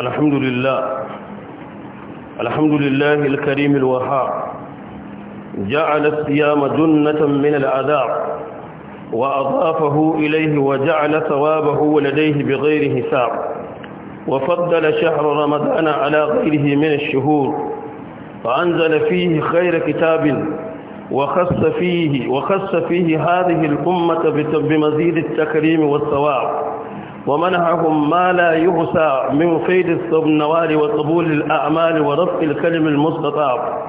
الحمد لله الحمد لله الكريم الوهاب جعل الصيام جنة من العذاب وأضافه إليه وجعل ثوابه لديه بغير حساب وفضل شهر رمضان على غيره من الشهور فأنزل فيه خير كتاب وخص فيه, وخص فيه هذه الأمة بمزيد التكريم والثواب ومنعهم ما لا يغسى من قيد الثمنوال وقبول الأعمال ورفع الكلم المستطاع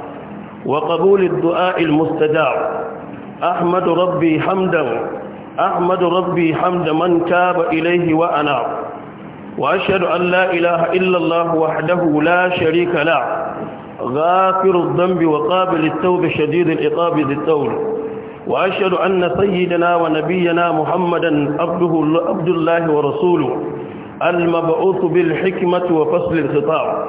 وقبول الدعاء المستدع أحمد ربي حمدا أحمد ربي حمد من تاب إليه وأنا وأشهد أن لا إله إلا الله وحده لا شريك له غافر الذنب وقابل التوب شديد العقاب ذي التوب وأشهد أن سيدنا ونبينا محمدا عبده عبد الله ورسوله المبعوث بالحكمة وفصل الخطاب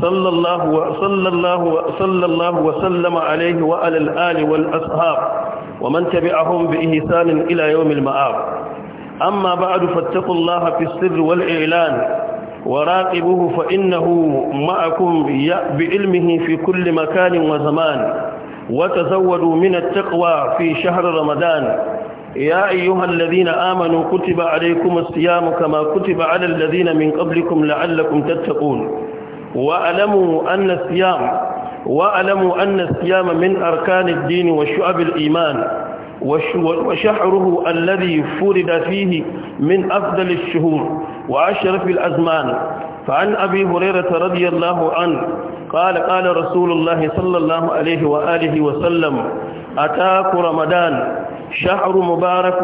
صلى الله وصلى الله وصلى الله وسلم عليه وعلى الآل والأصحاب ومن تبعهم بإحسان إلى يوم المآب أما بعد فاتقوا الله في السر والإعلان وراقبوه فإنه معكم بعلمه في كل مكان وزمان وتزودوا من التقوى في شهر رمضان يا أيها الذين آمنوا كتب عليكم الصيام كما كتب على الذين من قبلكم لعلكم تتقون وألموا أن الصيام وألموا أن الصيام من أركان الدين وشعب الإيمان وشهره الذي فرد فيه من أفضل الشهور وأشرف الأزمان فعن أبي هريرة رضي الله عنه قال قال رسول الله صلى الله عليه وآله وسلم أتاك رمضان شهر مبارك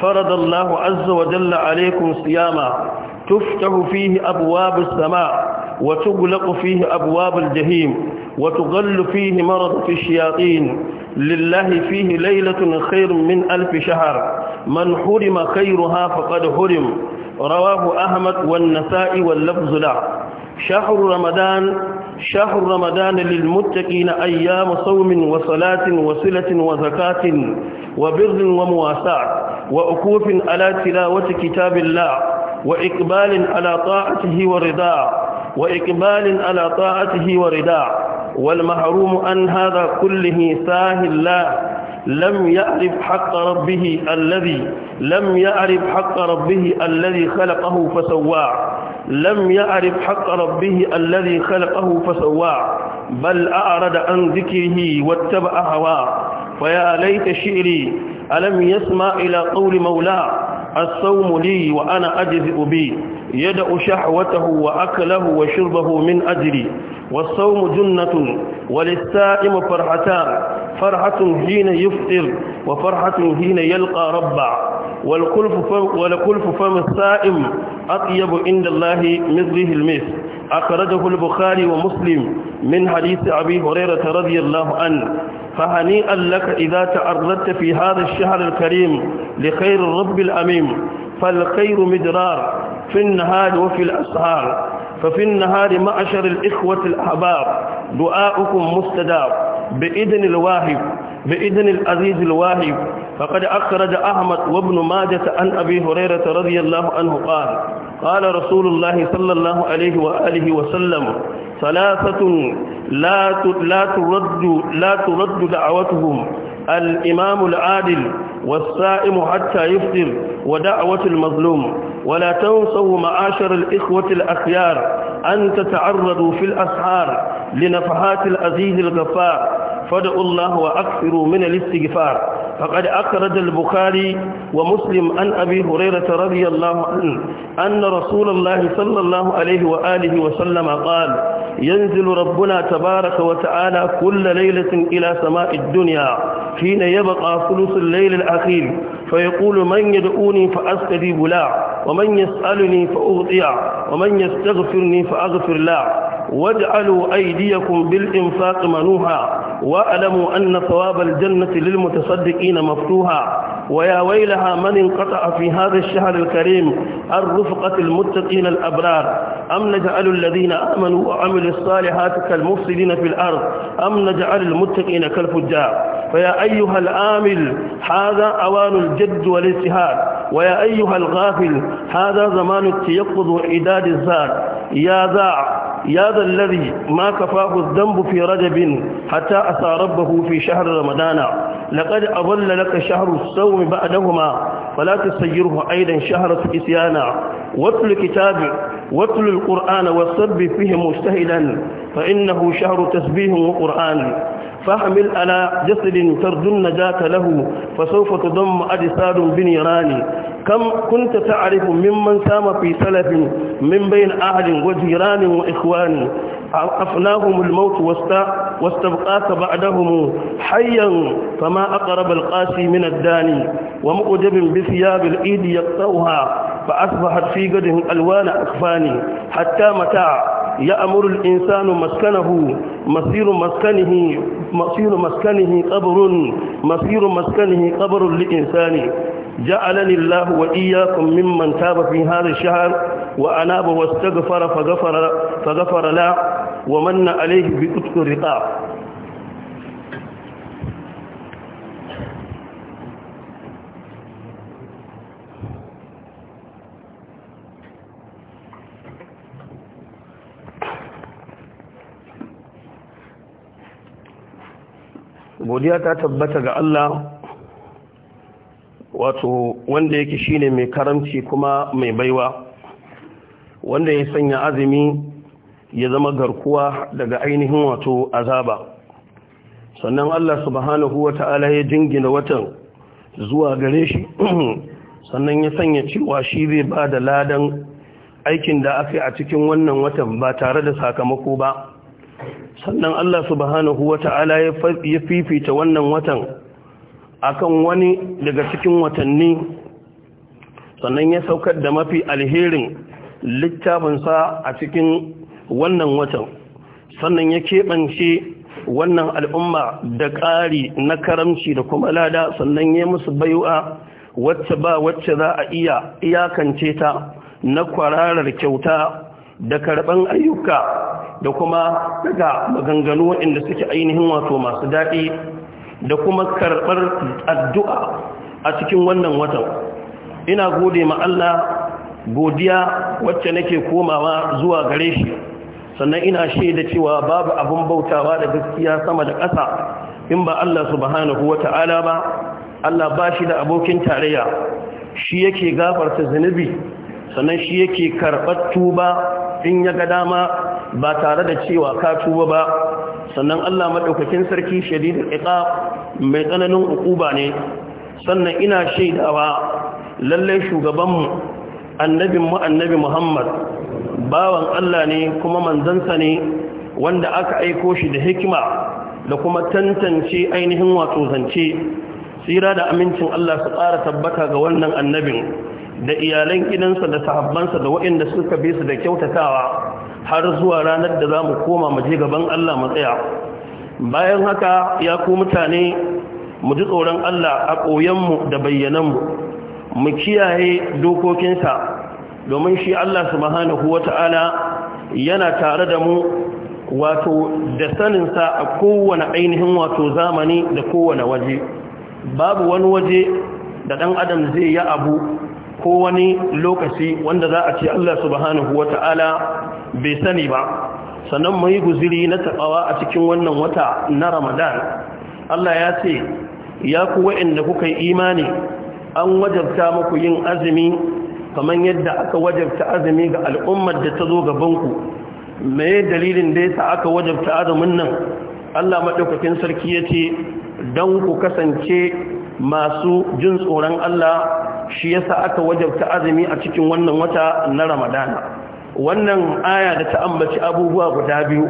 فرض الله عز وجل عليكم صياما تفتح فيه أبواب السماء وتغلق فيه أبواب الجحيم وتغل فيه مرض في الشياطين لله فيه ليلة خير من ألف شهر من حرم خيرها فقد حرم رواه أحمد والنسائي واللفظ له شهر رمضان شهر رمضان للمتقين أيام صوم وصلاة وصلة وزكاة وبر ومواساة وأكوف على تلاوة كتاب الله وإقبال على طاعته ورداء وإقبال على طاعته ورداء والمحروم عن هذا كله ساه الله لم يعرف حق ربه الذي لم يعرف حق ربه الذي خلقه فسواه لم يعرف حق ربه الذي خلقه فسواه بل أعرض عن ذكره واتبع هواه فيا ليت شعري ألم يسمع إلى قول مولاه الصوم لي وأنا أجزئ بي يدع شهوته وأكله وشربه من أجلي والصوم جنة وللسائم فرحتان فرحة حين يفطر وفرحة حين يلقى ربه والكلف فم السائم أطيب عند الله مثله المس أخرجه البخاري ومسلم من حديث أبي هريرة رضي الله عنه فهنيئا لك إذا تعرضت في هذا الشهر الكريم لخير الرب الأميم فالخير مدرار في النهار وفي الأسهار ففي النهار معشر الإخوة الأحباب دعاؤكم مستدار بإذن الواهب بإذن العزيز الواهب فقد أخرج أحمد وابن ماجة عن أبي هريرة رضي الله عنه قال قال رسول الله صلى الله عليه وآله وسلم ثلاثة لا لا ترد لا ترد دعوتهم الإمام العادل والصائم حتى يفطر ودعوة المظلوم ولا تنسوا معاشر الإخوة الأخيار أن تتعرضوا في الأسعار لنفحات العزيز الغفار فادعوا الله وأكثروا من الاستغفار فقد أخرج البخاري ومسلم عن أبي هريرة رضي الله عنه أن رسول الله صلى الله عليه وآله وسلم قال ينزل ربنا تبارك وتعالى كل ليلة إلى سماء الدنيا حين يبقى ثلث الليل الأخير فيقول من يدعوني فأستجيب له ومن يسألني فأغطيه ومن يستغفرني فأغفر له واجعلوا أيديكم بالإنفاق منوها وألموا أن ثواب الجنة للمتصدقين مفتوحا ويا ويلها من انقطع في هذا الشهر الكريم الرفقة المتقين الأبرار أم نجعل الذين آمنوا وعملوا الصالحات كالمفسدين في الأرض أم نجعل المتقين كالفجار فيا أيها الآمل هذا أوان الجد والاجتهاد ويا أيها الغافل هذا زمان التيقظ وإعداد الزاد يا ذا يا ذا الذي ما كفاه الذنب في رجب حتى أتى ربه في شهر رمضان لقد أضل لك شهر الصوم بعدهما فلا تسيره أيضا شهرة إسيانا واتل كتاب واتل القرآن والسب فيه مجتهدا فإنه شهر تسبيه وقرآن فاحمل على جسد ترجو النجاة له فسوف تضم أجساد بنيران كم كنت تعرف ممن سام في سلف من بين أهل وجيران وإخوان أفناهم الموت واستبقاك بعدهم حيا فما أقرب القاسي من الداني ومؤجب بثياب الإيد يقطوها فأصبحت في قده ألوان أكفاني حتى متاع يأمر الإنسان مسكنه مسير مسكنه مسير مسكنه قبر مسير مسكنه قبر لإنسان جعلني الله وإياكم ممن تاب في هذا الشهر وأناب واستغفر فغفر, فغفر له ومن عليه بكتك الرقاب godiya ta tabbata ga Allah wato wanda yake shine mai karamci kuma mai baiwa wanda ya sanya azumi ya zama garkuwa daga ainihin wato azaba sannan Allah subhanahu wata'ala ya jingina watan zuwa gare shi sannan ya sanya cewa shi zai ba da ladan aikin da aka yi a cikin wannan watan ba tare da sakamako ba sannan Allah subhanahu wata'ala ya fifita wannan watan akan wani daga cikin watanni sannan ya saukar da mafi alherin littafinsa a cikin wannan watan sannan ya keɓance wannan al'umma da ƙari na karamci da kuma lada sannan ya musu baiwa wacce ba wacce za a iya iyakance ta na kwararar kyauta da karɓan ayyuka da kuma daga maganganu waɗanda suke ainihin wato masu daɗi da kuma karɓar addu'a a cikin wannan watan ina gode ma Allah godiya wacce nake komawa zuwa gare shi sannan ina shaida cewa babu abin bautawa da gaskiya sama da ƙasa in ba Allah subhanahu wata'ala ba Allah ba shi da abokin tarayya shi yake gafarta zunubi sannan shi yake karɓar tuba in ya ga dama ba tare da cewa ka tuba ba sannan Allah maɗaukakin sarki shadidul iqab mai tsananin ukuba ne sannan ina shaidawa lallai shugabanmu annabin mu annabi Muhammad bawan Allah ne kuma manzansa ne wanda aka aiko shi da hikima da kuma tantance ainihin wato zance tsira da amincin Allah su ƙara tabbata ga wannan annabin da iyalan gidansa da sahabbansa da waɗanda suka bi su da kyautatawa har zuwa ranar da za mu koma mu je gaban Allah mu tsaya bayan haka ya ku mutane mu ji tsoron Allah a mu da bayyananmu mu kiyaye dokokinsa domin shi Allah subhanahu wata'ala yana tare da mu wato da saninsa a kowane ainihin wato zamani da kowane waje babu wani waje da ɗan adam zai yi abu ko wani lokaci wanda za a ce Allah subhanahu wata'ala bai sani ba sannan mu guziri na taɓawa a cikin wannan wata na ramadan Allah ya ce ya ku wa'inda kuka yi imani an wajabta muku yin azumi kamar yadda aka wajabta azumi ga al'ummar da ta zo gabanku mai dalilin da yasa aka wajabta azumin nan Allah maɗaukakin sarki ya ce don ku kasance masu jin tsoron Allah shi yasa aka wajabta azumi a cikin wannan wata na ramadana wannan aya da ta ambaci abubuwa guda biyu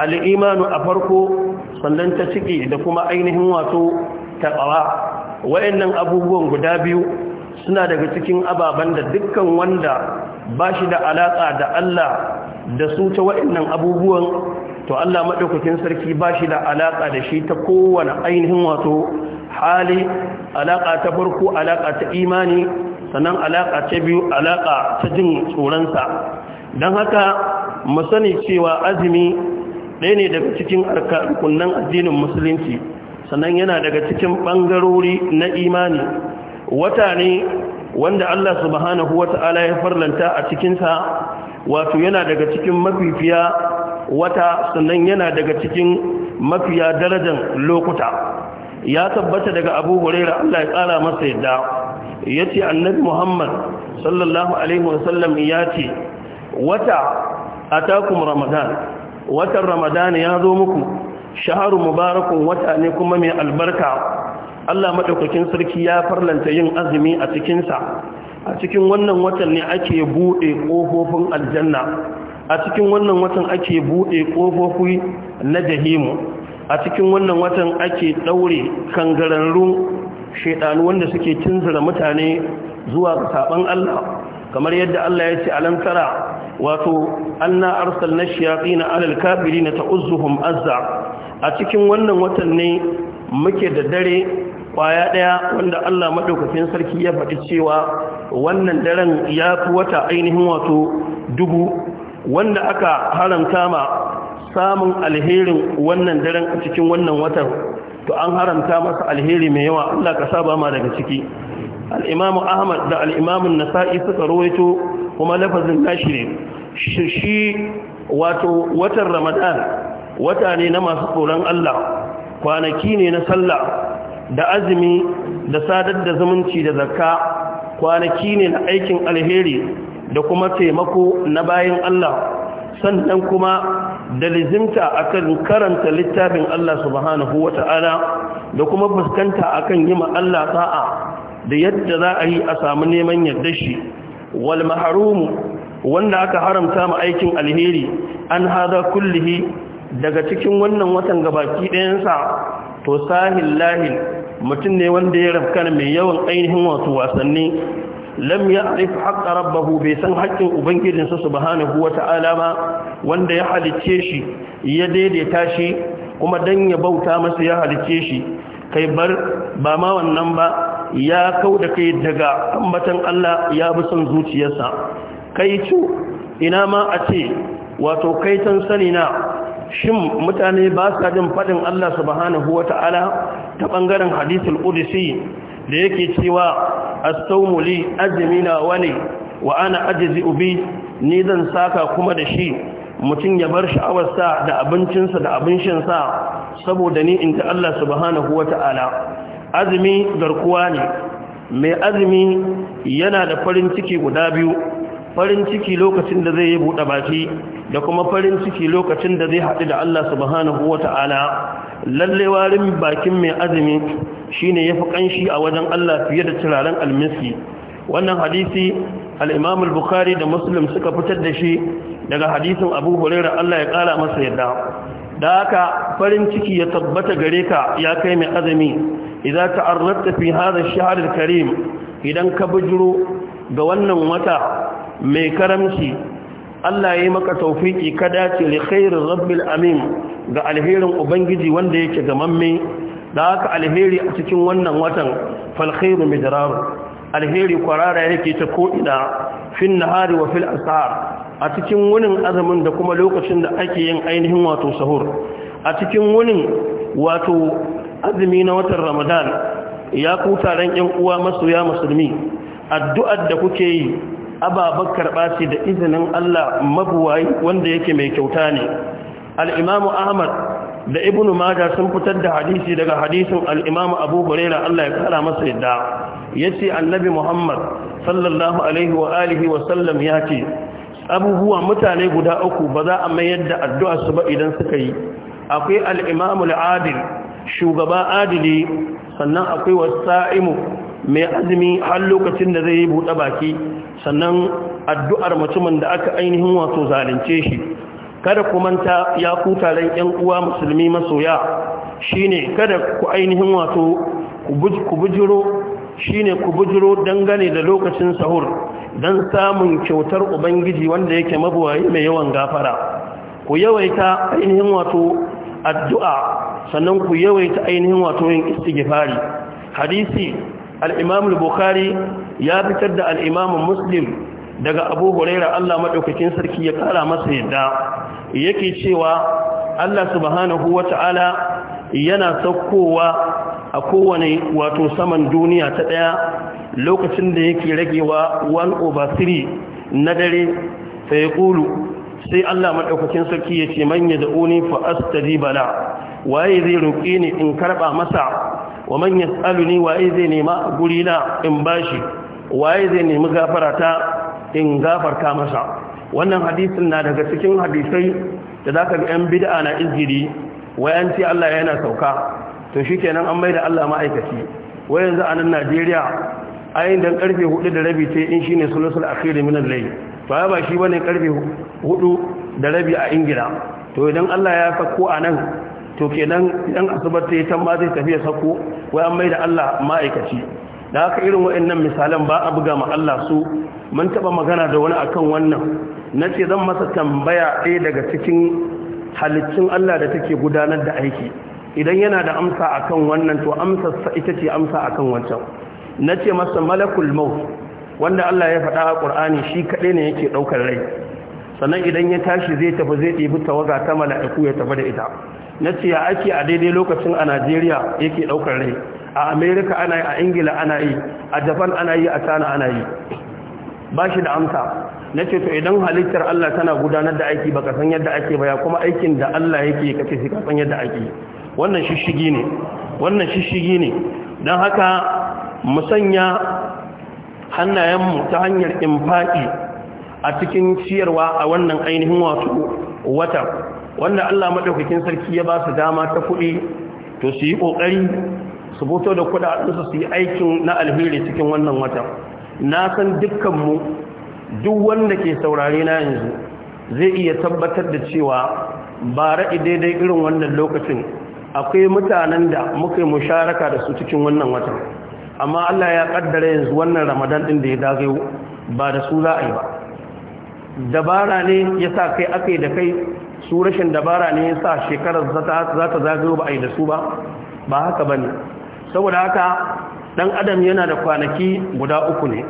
al'imanu a farko sannan ta ciki da kuma ainihin wato ta ƙawa. wayannan abubuwan guda biyu suna daga cikin ababen da dukkan wanda ba shi da alaƙa da Allah da su ta wayannan abubuwan to Allah maɗaukakin sarki ba shi da alaƙa da shi ta kowane ainihin wato hali alaƙa ta farko alaƙa ta imani sannan alaƙa ta biyu alaƙa ta jin tsoronsa don haka mu sani cewa azumi ɗaya ne daga cikin arkunan addinin musulunci sannan yana daga cikin ɓangarori na imani wata ne wanda Allah subhanahu ta'ala ya farlanta a cikinsa wato yana daga cikin mafifiya wata sannan yana daga cikin mafiya darajar lokuta ya tabbata daga abu huraira Allah ya ƙara masa yadda ya ce annabi muhammad sallallahu alaihi wasallam ya ce wata atakum ramadan watan ramadan ya zo muku shaharu mubarakun wata ne kuma mai albarka Allah madaukakin sarki ya farlanta yin azumi a cikinsa a cikin wannan watan ne ake bude ƙofofin aljanna a cikin wannan watan ake bude ƙofofi na jahimu a cikin wannan watan ake ɗaure kangararrun shaidanu wanda suke cinzira mutane zuwa saban Allah kamar yadda Allah ya ce alam tara wato anna arsalna shayatin alal kafirin ta'uzuhum azza a cikin wannan watan ne muke da dare kwaya daya wanda Allah madaukakin sarki ya faɗi cewa wannan daren ya fi wata ainihin wato dubu wanda aka haramta ma samun alherin wannan daren a cikin wannan watan to an haramta masa alheri mai yawa Allah ka saba ma daga ciki al'imamu ahmad da al'imamun nasa'i suka Ruwaito kuma lafazin nashi ne shi wato watan ramadan wata ne na masu tsoron allah kwanaki ne na sallah da azumi da sadar da zumunci da zakka kwanaki ne na aikin alheri da kuma taimako na bayan allah sannan kuma da lizimta akan karanta littafin allah subhanahu wata'ala da kuma fuskanta akan yi ma allah sa'a da yadda za a yi a samu neman yadda shi wal maharumu wanda aka haramta ma aikin alheri an hada kullihi daga cikin wannan watan gabaki ɗayansa to sahil lahil mutum ne wanda ya rafkana mai yawan ainihin wasu wasanni lam ya'rif haqqa rabbahu bai san haƙƙin sa subhanahu wata'ala ba wanda ya halicce shi ya daidaita shi kuma dan ya bauta masa ya halicce shi kai bar ba ma wannan ba ya kau da kai daga ambatan Allah ya bi son zuciyarsa kai cu ina ma a ce wato kai tan sani na shin mutane ba sa jin fadin Allah subhanahu wata'ala ta bangaren hadisul qudsi da yake cewa astawmu li azmina wani wa ana ajzi ubi ni zan saka kuma da shi mutum ya bar sha'awarsa da abincinsa da abin shansa saboda ni inda Allah subhanahu wata'ala azumi garkuwa ne mai azumi yana da farin ciki guda biyu farin ciki lokacin da zai yi buɗe baki da kuma farin ciki lokacin da zai haɗu da Allah subhanahu wa ta'ala lalle warin bakin mai azumi shine yafi kanshi a wajen Allah fiye da turaren almisi wannan hadisi al-Imam al-Bukhari da Muslim suka fitar da shi daga hadisin Abu Hurairah Allah ya kara masa yadda da haka farin ciki ya tabbata gare ka ya kai mai azumi idza ta'arradta fi hadha ash-shahr karim idan ka bujuro ga wannan wata mai karamci Allah ya yi maka taufiki ka dace li khairir rabbil amin ga alherin ubangiji wanda yake gamamme da haka alheri a cikin wannan watan fal khairu alheri kwarara yake ta ko ina fin hari wa fil a cikin wunin azumin da kuma lokacin da ake yin ainihin wato sahur a cikin wunin wato azumi na watan ramadan ya kuta ran yan uwa masoya musulmi addu'ar da kuke yi ababar karɓa ce da izinin Allah mabuwayi wanda yake mai kyauta ne al'imamu ahmad da Ibnu majah sun fitar da hadisi daga hadisin al'imamu abu huraira Allah ya kara masa yadda ya ce annabi muhammad sallallahu alaihi wa alihi wa sallam ya ce abubuwa mutane guda uku ba za a mayar da addu'ar su ba idan suka yi akwai al'imamu al'adil shugaba adili sannan akwai wasa'imu mai azumi har lokacin da zai buɗe baki sannan addu'ar mutumin da aka ainihin wato zalunce shi kada ku manta ya kuta ran 'yan uwa musulmi masoya shine kada ku ainihin wato ku bujiro shine ku bujiro dangane da lokacin sahur don samun kyautar ubangiji wanda yake mabuwayi mai yawan gafara ku yawaita ainihin wato addu'a sannan ku yawaita ainihin wato yin istighifari hadisi al al-bukhari ya fitar da al muslim daga abu huraira Allah maɗaukakin sarki ya ƙara masa yadda yake cewa Allah subhanahu Ta'ala yana saukowa a kowane wato saman duniya ta ɗaya lokacin da yake ragewa 1 over 3 na dare sai ya ƙulu sai Allah madaukakin sarki ya ce da yad'uni fa astajiba la waye zai roƙe ni in karba masa wa man yas'aluni waye zai nema guri na in bashi waye zai nemi gafarata in gafarta masa wannan hadisin na daga cikin hadisai da zaka ga yan bid'a na izgiri wayan Allah yana sauka to shikenan an maida Allah ma'aikaci Wayanzu a nan Najeriya ayin dan karfe hudu da rabi sai in shine sulusul akhir min al to ya ba shi bane karfe hudu da rabi a ingila to idan allah ya sako a nan to kenan idan asibar ta yi tamba zai tafiya sako wai an mai da allah ma'aikaci da haka irin waɗannan misalan ba a buga ma allah su mun taɓa magana da wani akan wannan na ce zan masa tambaya ɗaya daga cikin halittun allah da take gudanar da aiki idan yana da amsa akan wannan to amsa ita ce amsa akan wancan na ce masa malakul maut wanda Allah ya faɗa a ƙur'ani shi kaɗai ne yake ɗaukar rai sannan idan ya tashi zai tafi zai ɗibi tawaga ta mala'iku ya tafi da ita na ce ya ake a daidai lokacin a najeriya yake ɗaukar rai a amerika ana yi a ingila ana yi a japan ana yi a Tana ana yi ba shi da amsa na ce to idan halittar allah tana gudanar da aiki baka san yadda ake baya kuma aikin da allah yake ce shi san yadda ake wannan shishigi ne wannan shishigi ne don haka musanya hannayenmu ta hanyar infaɗi a cikin ciyarwa a wannan ainihin wasu wata wanda Allah maɗaukakin sarki ya ba su dama ta kuɗi to su yi ƙoƙari su fito da kuɗa, kuɗaɗinsu su yi aikin na alheri cikin wannan wata na san dukkanmu duk wanda ke saurare na yanzu zai iya tabbatar da cewa ba ra'i daidai irin wannan lokacin akwai mutanen da muka yi musharaka da su cikin wannan watan amma Allah ya kaddara yanzu wannan ramadan din da ya dagayo ba da su za yi ba dabara ne ya kai aka da kai su rashin dabara ne yasa shekarar za ta zagayo ba a yi da su ba ba haka ba saboda haka dan adam yana da kwanaki guda uku ne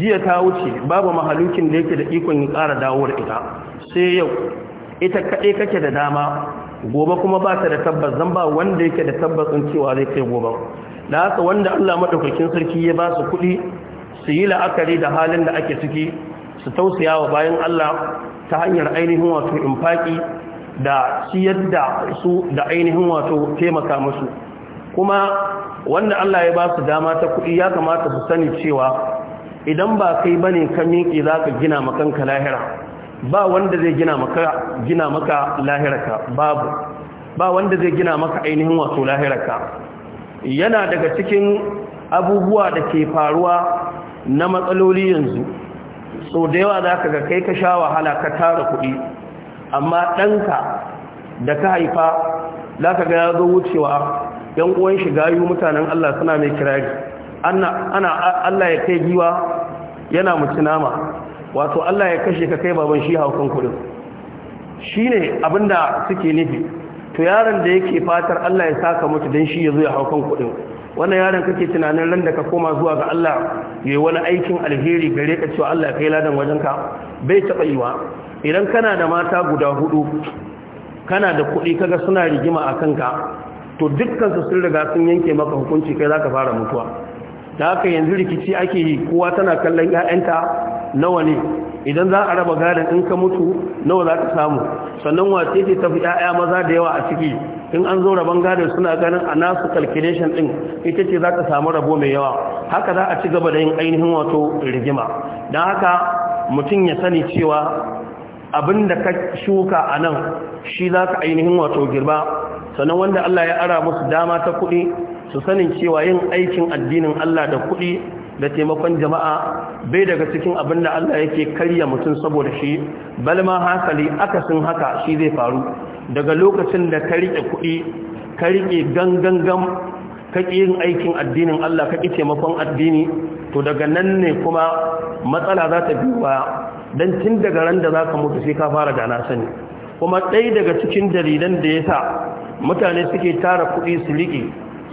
jiya ta wuce babu mahalukin da yake da ikon ya ƙara dawo ita sai yau ita kaɗai kake da dama gobe kuma ba ta da tabbas zan ba wanda yake da tabbas in cewa zai kai gobe da haka wanda Allah madaukakin sarki ya ba su kuɗi su yi la'akari da halin da ake ciki su tausaya wa bayan Allah ta hanyar ainihin wato infaki da siyar da su da ainihin wato taimaka musu kuma wanda Allah ya ba su dama ta kuɗi ya kamata su sani cewa idan ba kai bane ka miƙi za ka gina makanka lahira ba wanda zai gina maka gina maka lahiraka babu ba wanda zai gina maka ainihin wato lahiraka yana daga cikin abubuwa da ke faruwa na matsaloli yanzu so da yawa za ka ga kai ka sha wahala ka tara kuɗi amma ɗanka da ka haifa za ka ga ya zo wucewa yan uwan shiga yi mutanen Allah suna mai kirari ana Allah ya kai giwa yana mutu nama wato Allah ya kashe ka kai baban shi haukan kuɗin shi ne abinda suke nufi to yaron da yake fatar Allah ya saka mutu don shi ya zo ya hau kan kudin wannan yaron kake tunanin ran da ka koma zuwa ga Allah yayi wani aikin alheri gare ka cewa Allah ya kai ladan wajen ka? bai taba yiwa idan kana da mata guda hudu kana da kuɗi kaga suna rigima a kanka to dukkan su sun riga sun yanke maka hukunci kai zaka fara mutuwa da haka yanzu rikici ake yi kowa tana kallon 'ya'yanta nawa ne idan za a raba gadin in ka mutu nawa za ka samu sannan wace ce tafi yaya maza da yawa a ciki in an zo raban gadin suna ganin a nasu calculation din ita ce za ka samu rabo mai yawa haka za a ci gaba da yin ainihin wato rigima don haka mutum ya sani cewa abin da ka shuka a nan shi za ka ainihin wato girba sannan wanda Allah ya ara musu dama ta kuɗi su sanin cewa yin aikin addinin Allah da kuɗi da taimakon jama'a bai daga cikin abin da Allah yake karya mutum saboda shi balma hankali aka akasin haka shi zai faru daga lokacin da ka riƙe kuɗi ka riƙe gangangan ka ƙi aikin addinin Allah ka ƙi taimakon addini to daga nan ne kuma matsala za ta biyu baya don tun daga ran da za ka mutu sai ka fara dana sani kuma ɗaya daga cikin jaridan da ya sa mutane suke tara kuɗi su riƙe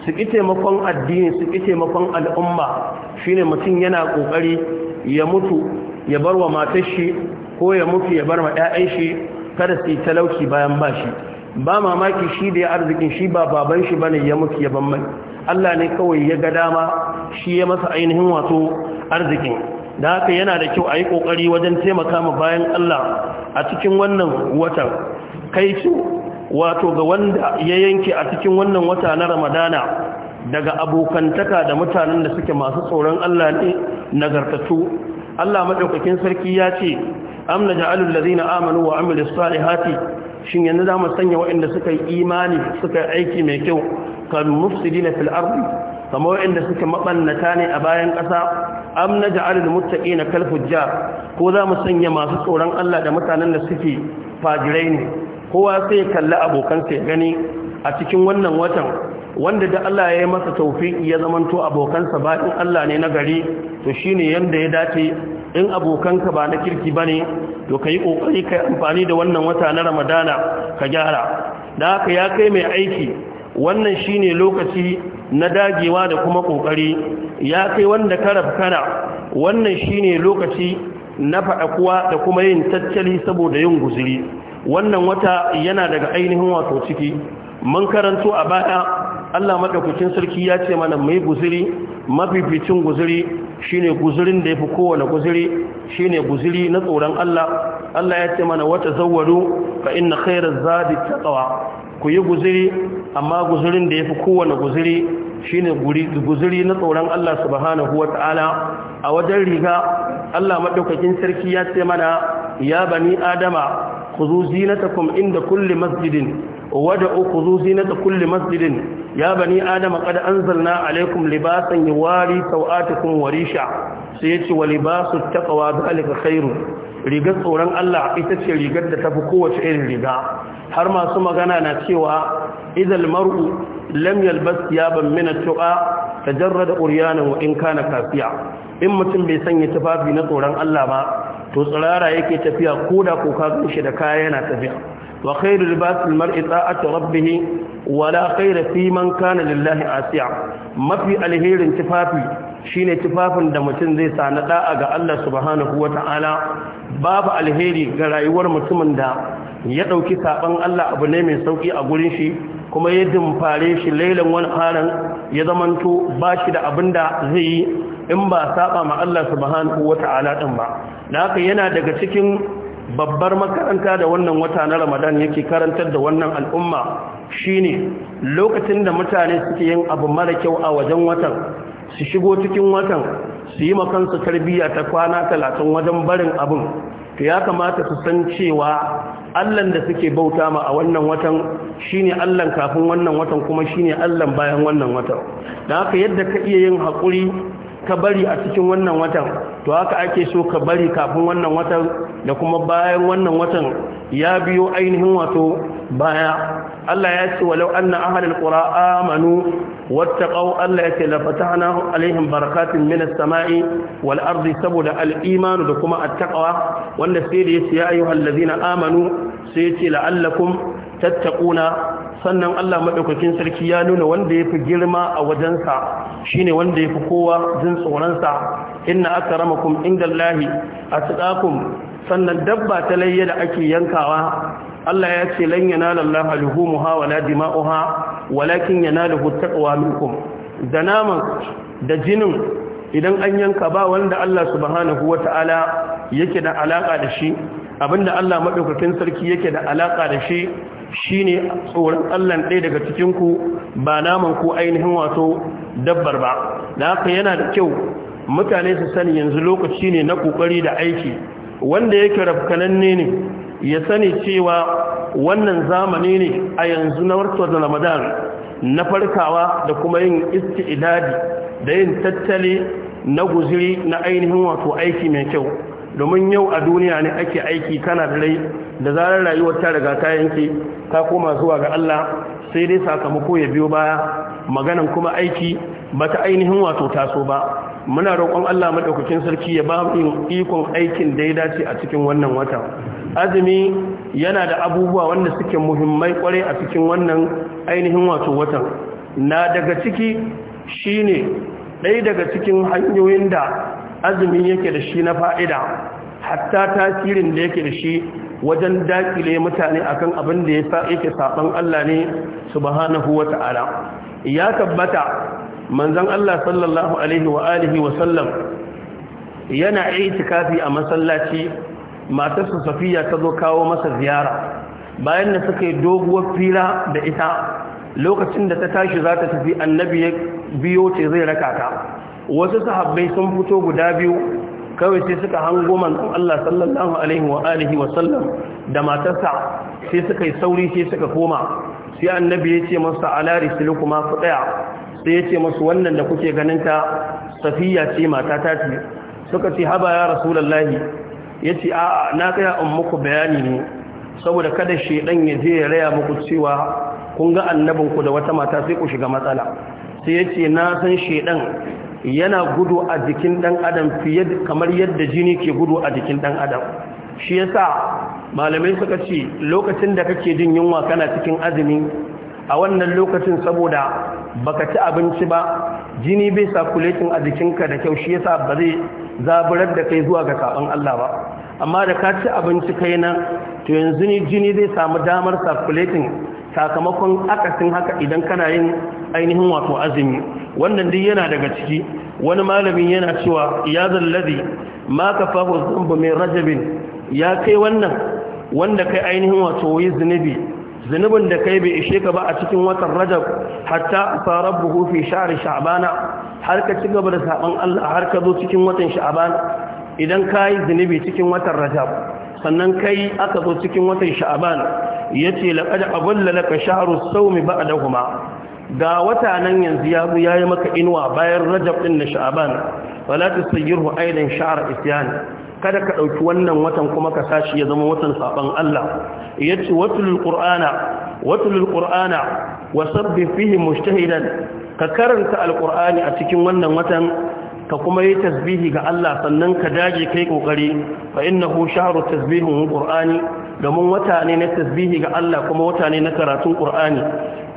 su ƙi taimakon addini su ƙi taimakon al'umma shine mutum yana ƙoƙari ya mutu ya bar wa matar shi ko ya mutu ya bar wa 'ya'yan shi kada su yi talauci bayan ba shi ba mamaki shi da ya arzikin shi ba baban shi ba ne ya mutu ya ban Allah ne kawai ya ga dama shi ya masa ainihin wato arzikin da haka yana da kyau a yi ƙoƙari wajen taimaka ma bayan Allah a cikin wannan watan kai su wato ga wanda ya yanke a cikin wannan wata na ramadana daga abokantaka da mutanen da suke masu tsoron Allah ne nagartatu Allah madaukakin sarki ya ce am naj'alul ladina amanu wa amilus salihati shin yanzu za mu sanya waɗanda suka yi imani suka aiki mai kyau kan mufsidina fil ardi kamar waɗanda suke mabannata ne a bayan ƙasa am naj'alul muttaqina kal hujja, ko za mu sanya masu tsoron Allah da mutanen da suke fajirai ne kowa sai kalli abokansa ya gani a cikin wannan watan wanda da Allah ya yi masa taufiki ya zamanto abokansa in Allah ne na gari to shine yanda ya dace in abokanka ba na kirki bane to kai kokari kai amfani da wannan wata na Ramadana ka gyara da haka ya kai mai aiki wannan shine lokaci na dagewa da kuma kokari ya kai wanda karab kana wannan shine lokaci na faɗakuwa da kuma yin tattali saboda yin guzuri wannan wata yana daga ainihin wato ciki mun karanto a baya Allah madaukakin sarki ya ce mana mai guzuri mafificin guzuri shine guzurin da yafi kowane guzuri shine guzuri na tsoron Allah Allah ya ce mana wata zawwadu fa inna khairaz zadi taqwa ku yi guzuri amma guzurin da yafi kowane guzuri shine guzuri na tsoron Allah subhanahu wataala a wajen riga Allah madaukakin sarki ya ce mana ya bani adama خذوا زينتكم عند كل مسجد ودعوا خذوا زينة كل مسجد يا بني آدم قد أنزلنا عليكم لباسا يواري سوآتكم وريشا سيتي ولباس التقوى ذلك خير rigar tsoron Allah ita ce rigar da tafi kowace irin riga har masu magana na cewa إذا المرء لم يلبس ثيابا من التقى تجرد أريانا وإن كان كافيا إما تنبي سنية تفافي نطورا ألا ما تصرار يكي تفيا قودا كوكاكوش دكاينا تفيا وخير لباس المرء طاعة ربه ولا خير في من كان لله آسيا ما في الهير انتفافي shine tufafin da mutum zai sa na da'a ga Allah subhanahu wata'ala babu alheri ga rayuwar mutumin da ya dauki saban Allah abu ne mai sauki a gurin shi kuma ya dimfare shi lailan wani haran ya zamanto ba shi da abin da zai yi in ba saba ma Allah subhanahu ta'ala din ba da haka yana daga cikin babbar makaranta da wannan wata na Ramadan yake karantar da wannan al'umma shine lokacin da mutane suke yin abu mara kyau a wajen watan su shigo cikin watan su yi makansu tarbiyya ta kwana talatin wajen barin abin to ya kamata su san cewa allan da suke bauta ma a wannan watan shine allan kafin wannan watan kuma shine allah bayan wannan watan da haka yadda ka iya yin hakuri ka bari a cikin wannan watan to haka ake so ka bari kafin wannan watan da kuma bayan wannan watan ya biyo ainihin wato baya Allah ya ce walau anna ahlul qura amanu wattaqau Allah ya ce la fatahna alaihim barakatin minas samai wal ardi saboda al iman da kuma attaqwa wanda sai da yace ya ayyuhal ladina amanu sai yace la'allakum tattaquna sannan Allah madaukakin sarki ya nuna wanda yafi girma a wajensa shine wanda yafi kowa jin tsoronsa inna akramakum indallahi atqakum sannan dabba ta layya da ake yankawa Allah ya ce lan yanala Allah ha wala dima'uha walakin yanaluhu taqwa minkum da naman da jinin idan an yanka ba wanda Allah subhanahu wata'ala yake da alaka da shi abinda Allah madaukakin sarki yake da alaka da shi shine tsoron Allah ɗaya daga cikin ku ba naman ku ainihin wato dabbar ba da haka yana da kyau mutane su sani yanzu lokaci ne na kokari da aiki wanda yake rafkananne ne ya sani cewa wannan zamani ne a yanzu na da ramadan na farkawa da kuma yin isti'idadi da yin tattali na guziri na ainihin wato aiki mai kyau domin yau a duniya ne ake aiki kana da rai da zarar rayuwar ta riga ta yanke ta koma zuwa ga Allah sai dai sakamako ya biyo baya maganan kuma aiki bata ainihin wato taso ba muna roƙon Allah madaukakin sarki ya ba mu ikon aikin da ya dace a cikin wannan wata azumi yana da abubuwa wanda suke muhimmai kwarai a cikin wannan ainihin wato watan na daga ciki shine ɗaya daga cikin hanyoyin da azumi yake da shi na fa'ida hatta tasirin da yake da shi wajen dakile mutane akan abin da ya sa yake saban Allah ne subhanahu wa ta'ala ya tabbata manzon Allah sallallahu alaihi wa alihi wa sallam yana itikafi a masallaci matarsa safiya ta zo kawo masa ziyara bayan da suka yi doguwar fira da ita lokacin da ta tashi za ta tafi annabi ya biyo ce zai raka ta wasu sahabbai sun fito guda biyu kawai sai suka hango manzon Allah sallallahu alaihi wa alihi wa sallam da matarsa sai suka yi sauri sai suka koma sai annabi ya ce masa ala risilukuma ku tsaya sai ya ce masu wannan da kuke ganinta safiya ce matata ce suka ce haba ya rasulullahi ya ce a na kaya in muku bayani ne saboda kada shaidan ya je ya raya muku cewa kun ga annabinku da wata mata sai ku shiga matsala sai ya ce na san shaidan yana gudu a jikin ɗan adam fiye kamar yadda jini ke gudu a jikin ɗan adam shi yasa malamai suka ce lokacin da kake jin yunwa kana cikin azumi a wannan lokacin saboda baka ci abinci ba jini bai sakuletin a jikinka da kyau shi yasa ba zai zaburar da kai zuwa ga sabon Allah ba amma da ka ci abinci kai na to yanzu ne jini zai samu damar sakuletin sakamakon akasin haka idan kana yin ainihin wato azumi wannan duk yana daga ciki wani malamin yana cewa ya zallazi ma kafahu zambu min rajabin ya kai wannan wanda kai ainihin wato yi zunubi zunubin da kai bai ishe ka ba a cikin watan rajab hatta farabbuhu fi sha'r sha'bana har ka ci da saban Allah har ka zo cikin watan sha'ban idan kai zunubi cikin watan rajab sannan kai aka zo cikin watan sha'ban yace laqad aballa laka sha'ru sawmi ba'dahuma ga wata nan yanzu ya zo yi maka inuwa bayan rajab ɗin na Sha'aban, wala tusayyiru aidan sha'ar isyan kada ka ɗauki wannan watan kuma ka sashi ya zama watan saban Allah yace watul qur'ana ƙur'ana qur'ana wasabbih fihi mujtahidan ka karanta alqur'ani a cikin wannan watan ka kuma yi tasbihi ga Allah sannan ka dage kai kokari fa innahu sha'ru tasbihin Al-Ƙur'ani, domin wata ne na tasbihi ga Allah kuma wata ne na karatun qur'ani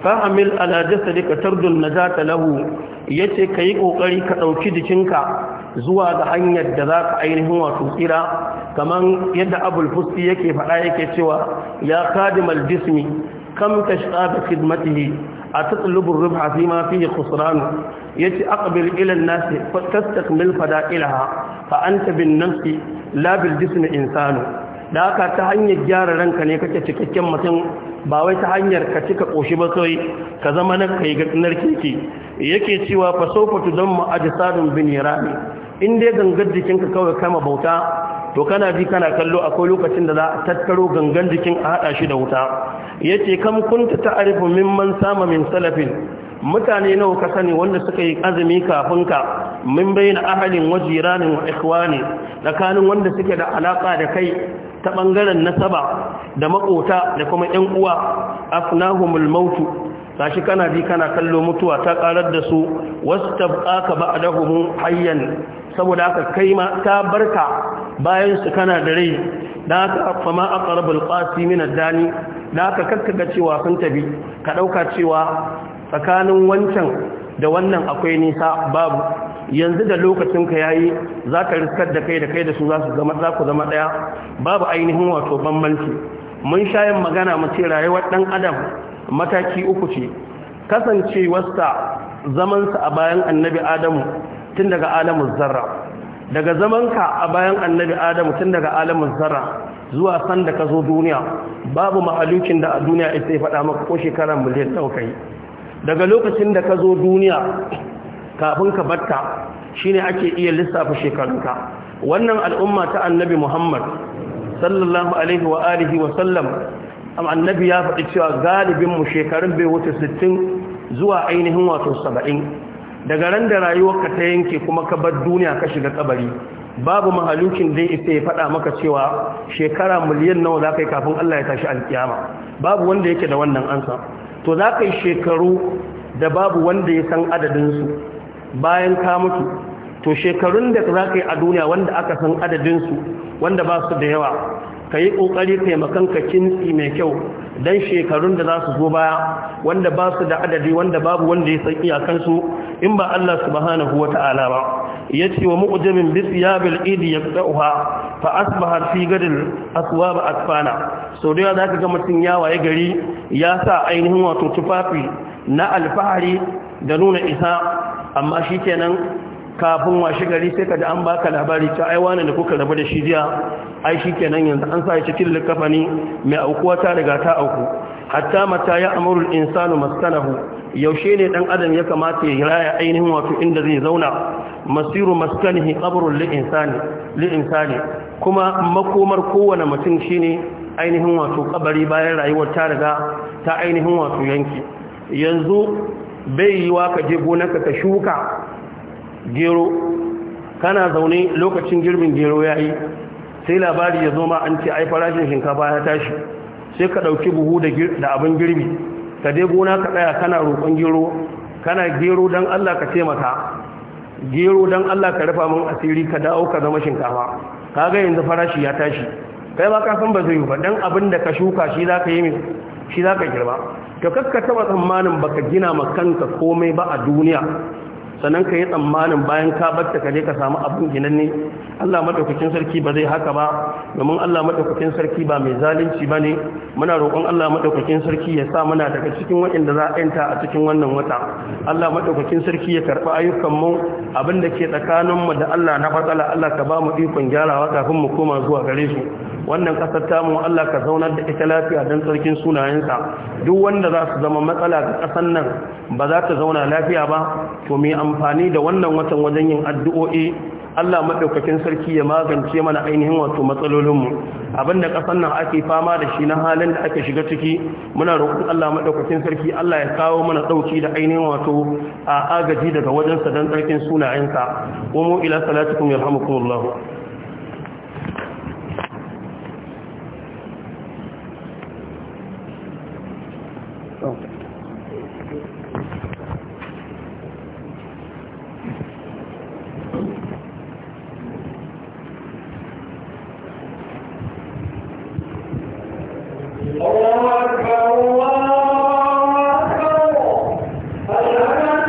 fa'amil ala jasadika tardul ta lahu yace kai kokari ka dauki jikinka zuwa ga hanyar da za ka ainihin wato tsira kaman yadda abul fusti yake faɗa yake cewa ya kadimal jismi kam tashqa bi khidmatihi atatlubu ar-ribha fi ma fihi khusran yace aqbil ila an-nas tastakmil fada'ilaha fa anta bin nafsi la bil jismi insanu da aka ta hanyar gyara ranka ne kake cikakken mutum ba wai ta hanyar ka cika koshi ba kai ka zama nan kai ga narkeke yake cewa fa sawfatu damma ajsadun bin yarami in dai gangar jikinka kawai kama bauta to kana ji kana kallo akwai lokacin da za a tattaro gangan jikin a hada shi da wuta yace kam kunta ta'rifu mimman sama min salafin mutane nawa ka sani wanda suka yi azumi kafin ka min bayin ahalin wajiranin wa ikhwani tsakanin wanda suke da alaka da kai ta ɓangaren nasaba da makota da kuma ‘yan uwa afnahumul mautu tashi kana ji kana kallo mutuwa ta karar da su wasu ka ba a dahumun hayyan saboda aka kai ma ta barka bayan su kana da rai da aka fama a ƙarbar ƙasi min dani da aka kakkaga cewa sun tabi ka ɗauka cewa tsakanin wancan da wannan akwai nisa babu yanzu da lokacin ka yayi za ka riskar da kai da kai da su za su zama za ku zama ɗaya babu ainihin wato bambanci mun shayin magana mu ce rayuwar ɗan adam mataki uku ce Kasance kasancewarsa zamansa a bayan annabi adamu tun daga alamun zarra daga zamanka a bayan annabi adamu tun daga alamun zarra zuwa san da ka zo duniya babu mahalucin da a duniya ita ya faɗa maka ko shekara miliyan ɗaukai daga lokacin da ka zo duniya kafin ka batta shine ake iya lissafa shekarunka wannan al'umma ta annabi Muhammad sallallahu alaihi wa alihi wa sallam annabi ya faɗi cewa galibin mu shekarun bai wuce 60 zuwa ainihin wato saba'in. daga ran da ka ta yanke kuma ka bar duniya ka shiga kabari babu mahalukin dai isa ya faɗa maka cewa shekara miliyan nawa za ka yi kafin Allah ya tashi alkiyama babu wanda yake da wannan ansa to za ka yi shekaru da babu wanda ya san adadinsu bayan ka mutu to shekarun da za ka yi a duniya wanda aka san adadinsu wanda ba su da yawa ka yi ƙoƙari ka kintsi mai kyau don shekarun da za su zo baya wanda ba su da adadi wanda babu wanda ya san kansu, in ba Allah subhanahu wa ta'ala ba ya ce wa mu'ujamin bi ya idi ya tsauha fa asbaha fi gadil aswab asfana so da za ka ga mutum ya waye gari ya sa ainihin wato tufafi na alfahari da nuna isa amma shi kenan kafin washe gari sai ka da an baka labari ta ai wani da kuka rabu da shi jiya ai shi kenan yanzu an sa cikin likafani mai aukuwa ta riga ta auku hatta mata ya amurul insanu maskanahu yaushe ne dan adam ya kamata ya raya ainihin wato inda zai zauna masiru maskanihi qabrul lil insani lil insani kuma makomar kowane mutum shine ainihin wato kabari bayan rayuwar ta riga ta ainihin wato yanki yanzu bai yi wa ka je gonarka ka shuka gero kana zaune lokacin girbin gero ya yi sai labari ya zo ma an ce ai farashin shinkafa ya tashi sai ka ɗauki buhu da abin girbi ka dai gona ka ɗaya kana roƙon gero kana gero don allah ka taimaka gero don allah ka rufa min asiri ka dawo ka zama shinkafa ka ga yanzu farashi ya tashi kai ba ka san ba zai yi ba don abin da ka shuka shi za ka yi shi za ka girba to kakka taba tsammanin baka gina ma kanka komai ba a duniya sannan ka yi tsammanin bayan ka batta ka je ka samu abin ginanne Allah madaukakin sarki ba zai haka ba domin Allah madaukakin sarki ba mai zalunci ba ne muna roƙon Allah madaukakin sarki ya sa muna daga cikin waɗanda za a yanta a cikin wannan wata Allah madaukakin sarki ya karɓi ayyukan mu abin da ke tsakanin mu da Allah na fatsala Allah ka ba mu ikon gyarawa kafin mu koma zuwa gare su wannan kasar tamu Allah ka zaunar da ita lafiya don sarkin sunayensa duk wanda za su zama matsala ga ƙasar nan ba za ta zauna lafiya ba to me amfani da wannan watan wajen yin addu'o'i Allah maɗaukakin sarki ya magance mana ainihin wato matsalolinmu abinda ƙasar nan ake fama da shi na halin da ake shiga ciki muna roƙon Allah maɗaukakin sarki Allah ya kawo mana ɗauki da ainihin wato a agaji daga wajensa don tsarkin sunayensa umu ila salatukum yarhamukumullahu Oh.